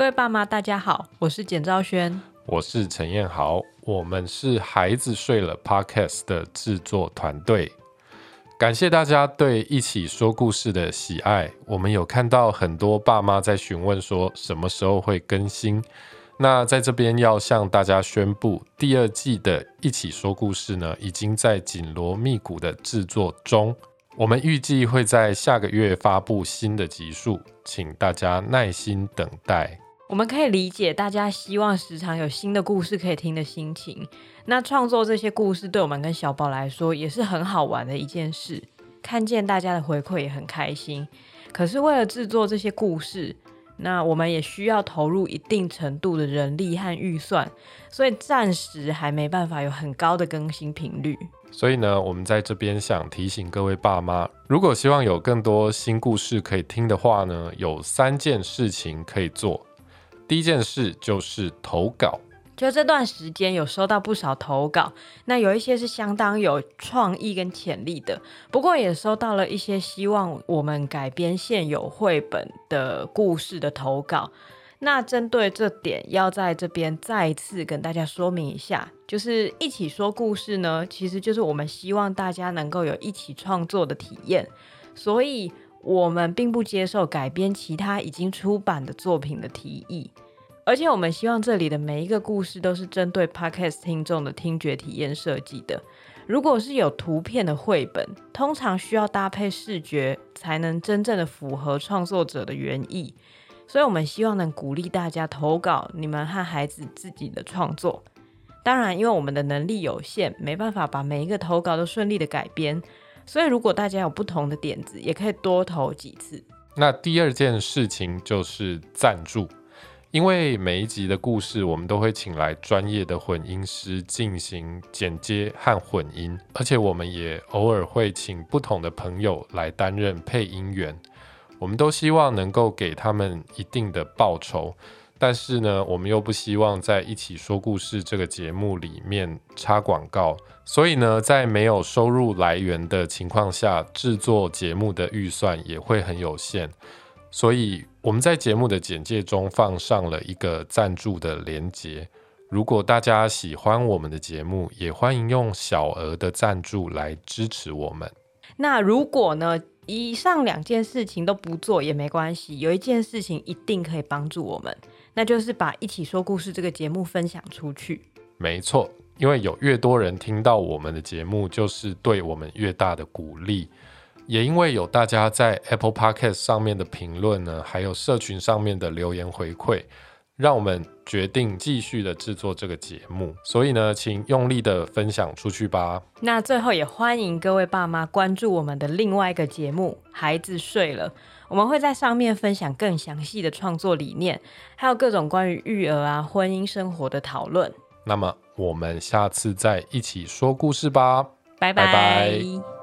各位爸媽，大家好，我是簡昭軒，我是陳彥豪，我們是孩子睡了 Podcast 的製作團隊。感謝大家對一起說故事的喜愛。我們有看到很多爸媽在詢問說什麼時候會更新。那在這邊要向大家宣布，第二季的《一起說故事》呢，已經在緊鑼密鼓的製作中。我們預計會在下個月發布新的集數，請大家耐心等待。我們可以理解大家希望時常有新的故事可以聽的心情。那創作這些故事對我們跟小寶來說也是很好玩的一件事，看見大家的回饋也很開心。可是為了制作這些故事，那我們也需要投入一定程度的人力和預算，所以暫時還沒辦法有很高的更新頻率。所以呢，我們在這邊想提醒各位爸媽，如果希望有更多新故事可以聽的話呢，有三件事情可以做。第一件事就是投稿，就這段時間有收到不少投稿，那有一些是相當有創意跟潛力的，不過也收到了一些希望我們改編現有繪本的故事的投稿。那針對這點，要在這邊再次跟大家說明一下，就是一起說故事呢，其實就是我們希望大家能夠有一起創作的體驗，所以，我們並不接受改編其他已經出版的作品的提議，而且我們希望這裡的每一個故事都是針對 Podcast 聽眾的聽覺體驗設計的。如果是有圖片的繪本，通常需要搭配視覺才能真正的符合創作者的原意，所以我們希望能鼓勵大家投稿你們和孩子自己的創作。當然，因為我們的能力有限，沒辦法把每一個投稿都順利的改編。所以，如果大家有不同的點子，也可以多投幾次。那第二件事情就是贊助，因為每一集的故事，我們都會請來專業的混音師進行剪接和混音，而且我們也偶爾會請不同的朋友來擔任配音員，我們都希望能夠給他們一定的報酬。但是呢，我們又不希望在《一起說故事》這個節目裡面插廣告，所以呢，在沒有收入來源的情況下，製作節目的預算也會很有限。所以我們在節目的簡介中放上了一個贊助的連結。如果大家喜歡我們的節目，也歡迎用小額的贊助來支持我們。那如果呢，以上兩件事情都不做也沒關係，有一件事情一定可以幫助我們。那就是把《一起說故事》這個節目分享出去，沒錯。因為有越多人聽到我們的節目，就是對我們越大的鼓勵。也因為有大家在 Apple Podcast 上面的評論呢，還有社群上面的留言回饋。讓我們決定繼續的制作這個節目，所以呢，請用力的分享出去吧。那最後也歡迎各位爸媽關注我們的另外一個節目《孩子睡了》，我們會在上面分享更詳細的創作理念，還有各種關於育兒啊、婚姻生活的討論。那麼我們下次再一起說故事吧，拜拜 bye。Bye bye